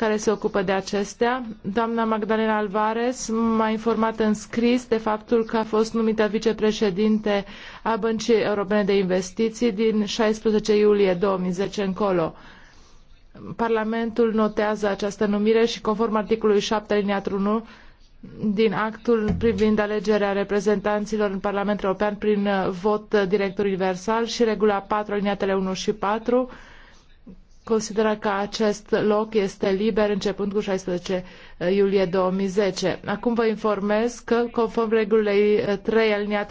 care se ocupă de acestea. Doamna Magdalena Alvarez m-a informat în scris de faptul că a fost numită vicepreședinte a Băncii Europene de Investiții din 16 iulie 2010 încolo. Parlamentul notează această numire și conform articolului 7 alineatul 1 din actul privind alegerea reprezentanților în Parlamentul European prin vot direct universal și regula 4 liniatele 1 și 4 consideră că acest loc este liber începând cu 16 eh, iulie 2010. Acum vă informez că, conform regulii eh, 3 aliniat